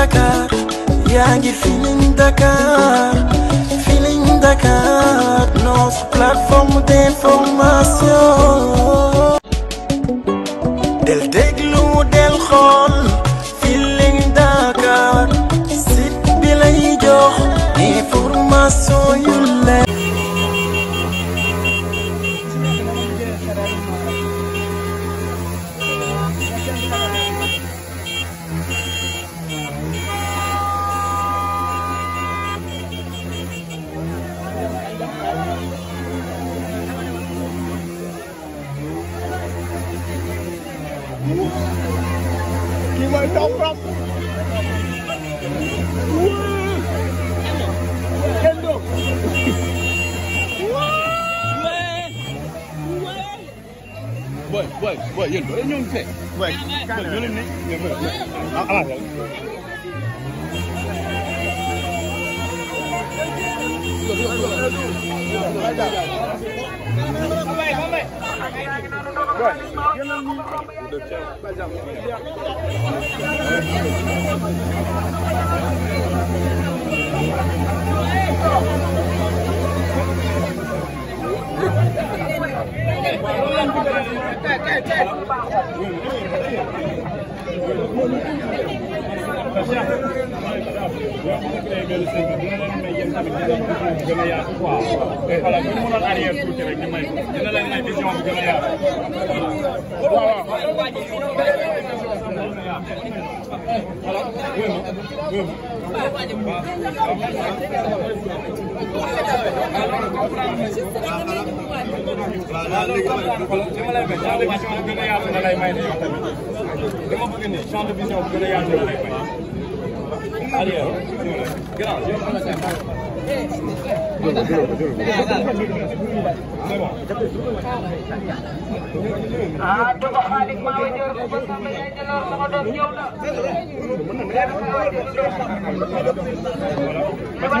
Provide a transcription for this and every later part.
Dakar yaa ngi Feeling Dakar Feeling Dakar notre plateforme d'information. del déglu del xool Feeling Dakar site bi lay jox information yu leer. kii mooy taw rab kendo boy boy boy yéen doo leen ñëw fee boy ñoo leen ne ala ala Hey, hey, hey, hey. waaw léegi dama bëgg ne champ de vision bu gën a yaatu la lay may Adiós. Gracias. ah Jokalante Malick maa ngi jël ko sama doom ñëw na. man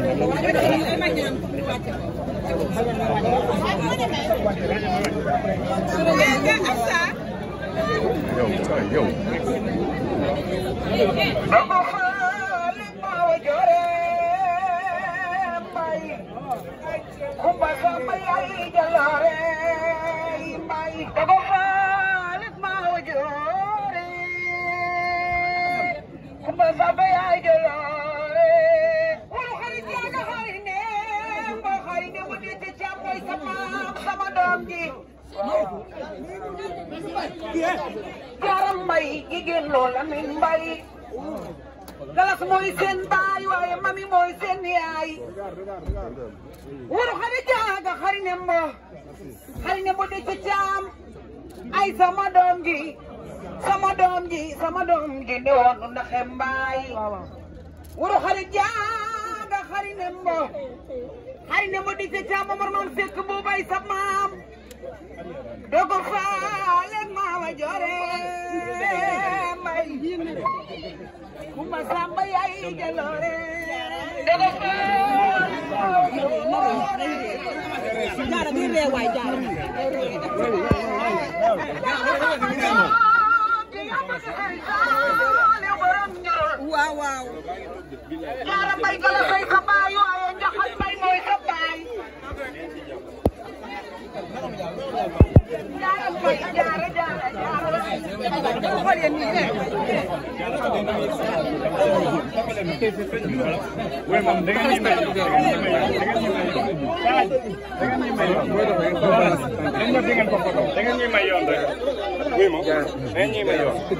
loola min mbay galas mooy seen baay waaye mami mooy seen yaay waru xari jaaga xari nembo xari nembo de ci caam ay sama doom sama doom gi sama doom gi ne woonu ndaxe mbaay waru xari jaaga xari nembo xari nembo de ci caam omar maam sekk boobay sa maam dogo faale maawa joore Kumba Samba yaay jaloore dana ko jaara di ree waay jaara waaw waaw jaara mbay gala say ka baay waaye njaxal mbay mooy ka baay jaara mbay jaara da ngeen ñuy may yoon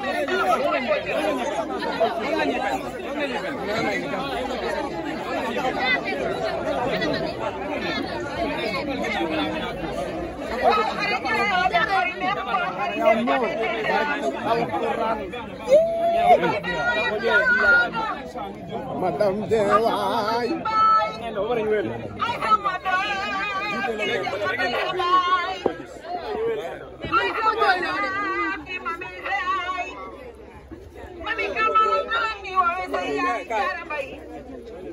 Madam Deway. Hello, what are you doing? I am Madam Deway. Jaara Mbay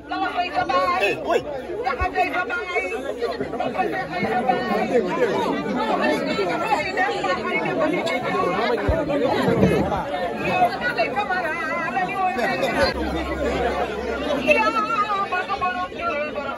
lawa bay sa baay daxa day sa baay dafa jeexay sa baay yaa ma ko borom jël borom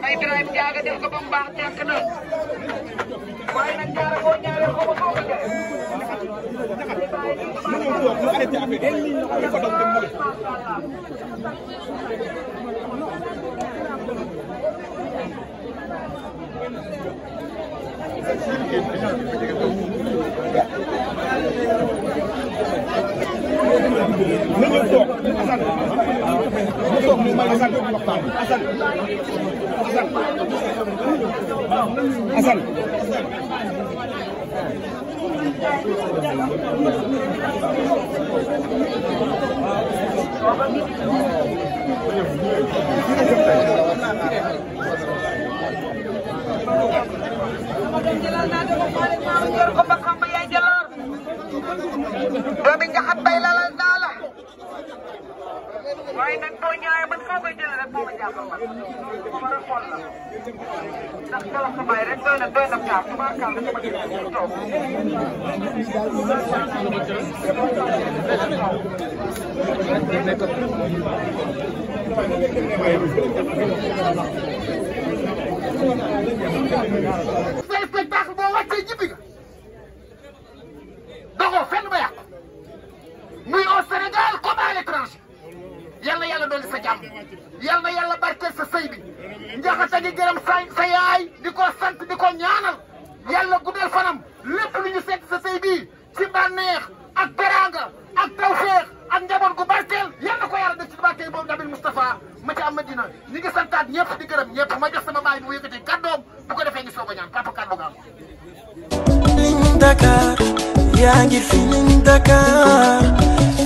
may Ibrahima Ndiaga def ko ba mu baax tekk na waaye nag ñaare boo ñaare ko ba kaw nga def. na ñëw toog Assane na toog ñu may Assane waxtaan bi Assane Assane Assane Assane doomi njaxat bay lalal naa la waaye nag boo ñëwee man koo koy jëlee rek moo ma jàppal man ma rek xool la ndax sa wax sa bàyyi rek doy na doy na kaar bu baax kaar dafa bëgg a toog Thank you. ngi Feeling Dakar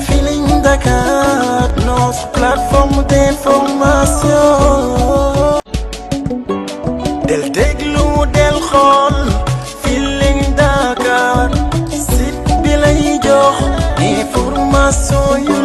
Feeling Dakar notre plateforme d'information. del déglu del xool Feeling Dakar site bi jox information yu